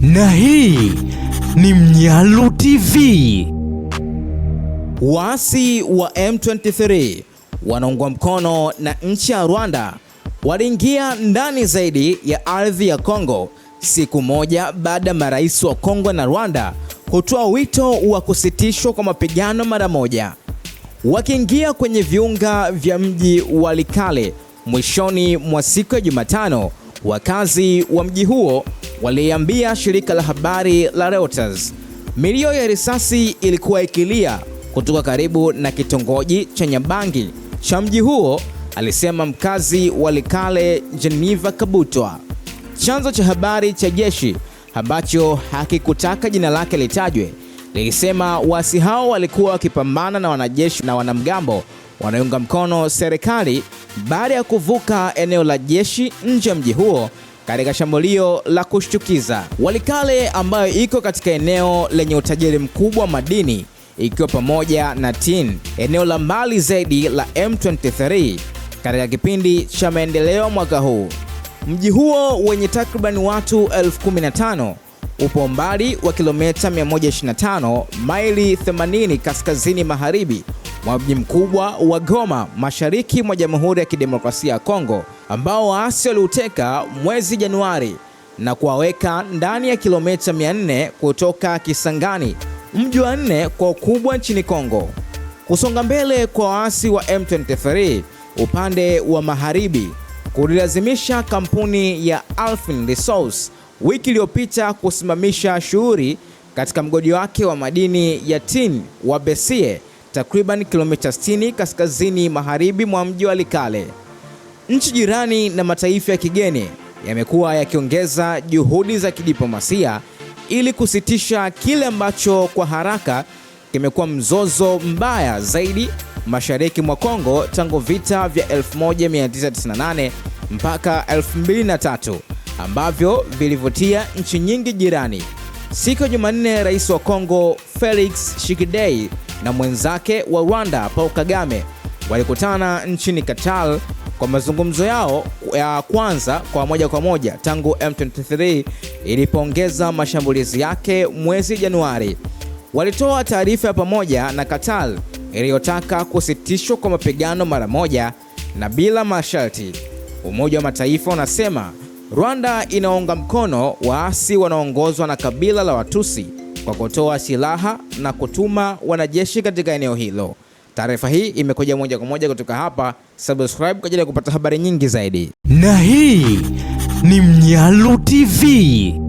Na hii ni Mnyalu TV. Waasi wa M23 wanaungwa mkono na nchi ya Rwanda waliingia ndani zaidi ya ardhi ya Kongo siku moja baada ya marais wa Kongo na Rwanda kutoa wito wa kusitishwa kwa mapigano mara moja, wakiingia kwenye viunga vya mji wa Likale mwishoni mwa siku ya Jumatano. Wakazi wa mji huo waliambia shirika la habari la Reuters. Milio ya risasi ilikuwa ikilia kutoka karibu na kitongoji cha Nyabangi cha mji huo, alisema mkazi wa Likale Geneva Kabutwa. Chanzo cha habari cha jeshi ambacho hakikutaka jina lake litajwe lilisema waasi hao walikuwa wakipambana na wanajeshi na wanamgambo wanaunga mkono serikali baada ya kuvuka eneo la jeshi nje ya mji huo katika shambulio la kushtukiza. Walikale ambayo iko katika eneo lenye utajiri mkubwa madini ikiwa pamoja na tin, eneo la mbali zaidi la M23 katika kipindi cha maendeleo mwaka huu. Mji huo wenye takriban watu elfu 15 upo umbali wa kilomita 125 maili 80 kaskazini magharibi mwa mji mkubwa wa Goma mashariki mwa Jamhuri ya Kidemokrasia ya Kongo ambao waasi waliuteka mwezi Januari na kuwaweka ndani ya kilomita 400 kutoka Kisangani, mji wa nne kwa ukubwa nchini Kongo. Kusonga mbele kwa waasi wa M23 upande wa magharibi kulilazimisha kampuni ya alfin Resource wiki iliyopita kusimamisha shughuli katika mgodi wake wa madini ya tin wa Besie takriban kilomita 60 kaskazini magharibi mwa mji wa Likale. Nchi jirani na mataifa ya kigeni yamekuwa yakiongeza juhudi za kidiplomasia ili kusitisha kile ambacho kwa haraka kimekuwa mzozo mbaya zaidi mashariki mwa Kongo tangu vita vya 1998 mpaka 2003 ambavyo vilivutia nchi nyingi jirani. Siku ya Jumanne, Rais wa Kongo Felix Tshisekedi na mwenzake wa Rwanda Paul Kagame walikutana nchini Qatar kwa mazungumzo yao ya kwanza kwa moja kwa moja tangu M23 ilipoongeza mashambulizi yake mwezi Januari. Walitoa taarifa ya pamoja na Qatar iliyotaka kusitishwa kwa mapigano mara moja na bila masharti. Umoja wa Mataifa unasema Rwanda inaunga mkono waasi wanaoongozwa na kabila la Watusi kwa kutoa silaha na kutuma wanajeshi katika eneo hilo. Taarifa hii imekuja moja kwa moja kutoka hapa. Subscribe kwa ajili ya kupata habari nyingi zaidi, na hii ni Mnyalu TV.